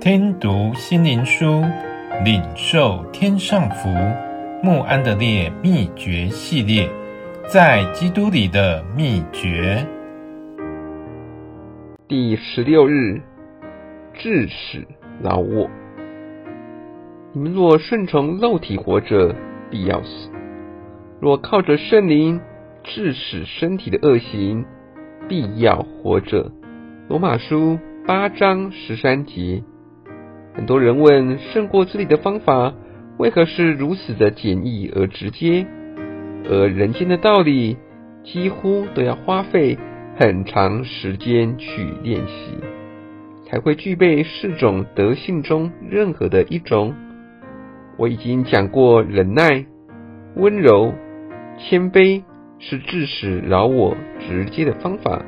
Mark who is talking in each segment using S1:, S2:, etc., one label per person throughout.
S1: 聽讀心靈書，領受天上福。慕安德烈秘訣系列，在基督裡的秘訣，第十六日，治死老我。你們若順從肉體活着，必要死；若靠着聖靈治死身體的惡行，必要活着。羅馬書八章十三節。很多人問，勝過自己的方法為何是如此的簡易而直接？而人間的道理幾乎都要花費很長時間去練習，才會具備四種德性中任何的一種。我已經講過，忍耐、溫柔、謙卑是治死老我直接的方法，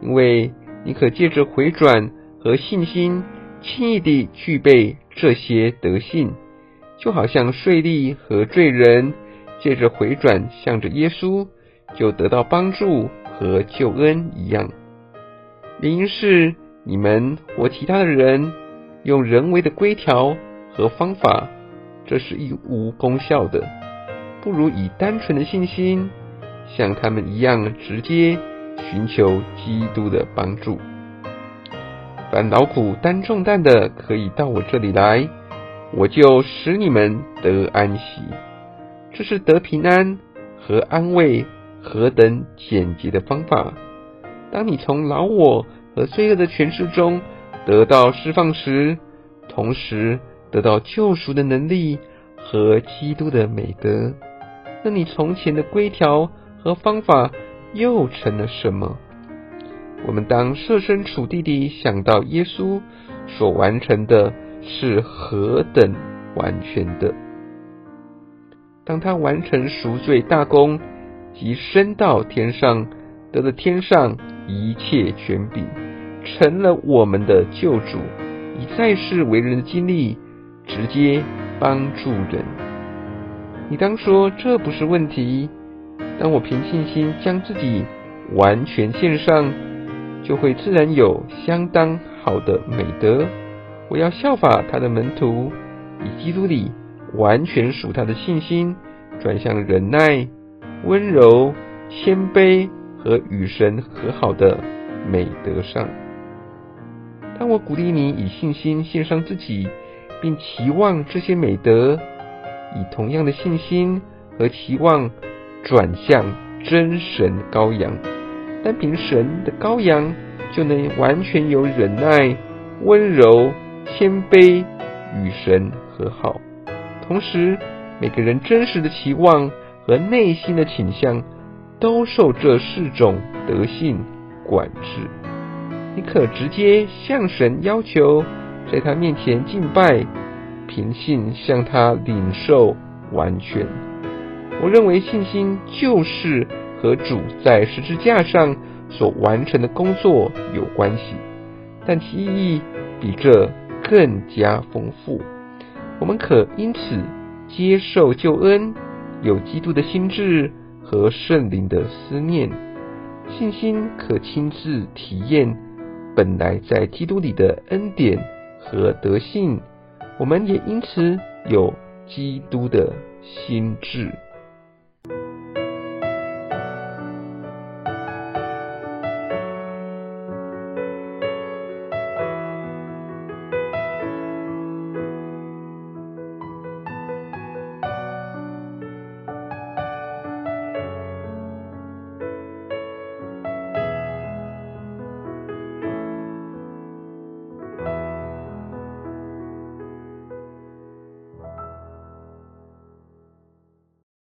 S1: 因為你可借着回轉和信心。輕易地具備這些德性，就好像稅吏和罪人借着回轉向着耶穌，就得到幫助和救恩一樣。原因是你們或其他的人用人為的規條和方法，這是一無功效的，不如以單純的信心，像他們一樣直接尋求基督的幫助。凡勞苦擔重擔的，可以到我這裡來，我就使你們得安息。這是得平安和安慰何等簡捷的方法。當你從老我和罪惡的權勢中得到釋放時，同時得到救贖的能力和基督的美德，那你從前的規條和方法又成了什麼？我們當設身處地的想到耶穌所完成的是何等完全的。當他完成贖罪大功，即升到天上，得了天上一切權柄，成了我們的救主，以在世為人的經歷直接幫助人。你當說這不是問題。當我憑信心將自己完全獻上。就會自然有相當好的美德。我要效法他的門徒，以基督裡完全屬他的信心，轉向忍耐、溫柔、謙卑和與神和好的美德上。當我鼓勵你以信心獻上自己，並期望這些美德，以同樣的信心和期望轉向真神羔羊。單憑神的羔羊就能完全有忍耐、溫柔、謙卑與神和好。同時，每個人真實的期望和內心的傾向都受這四種德性管制。你可直接向神要求，在他面前敬拜，憑信向他領受完全。我認為信心就是。和主在十字架上所完成的工作有關係，但其意義比這更加豐富。我們可因此接受救恩，有基督的心志和聖靈的思念，信心可親自體驗本來在基督裡的恩典和德性。我們也因此有基督的心志。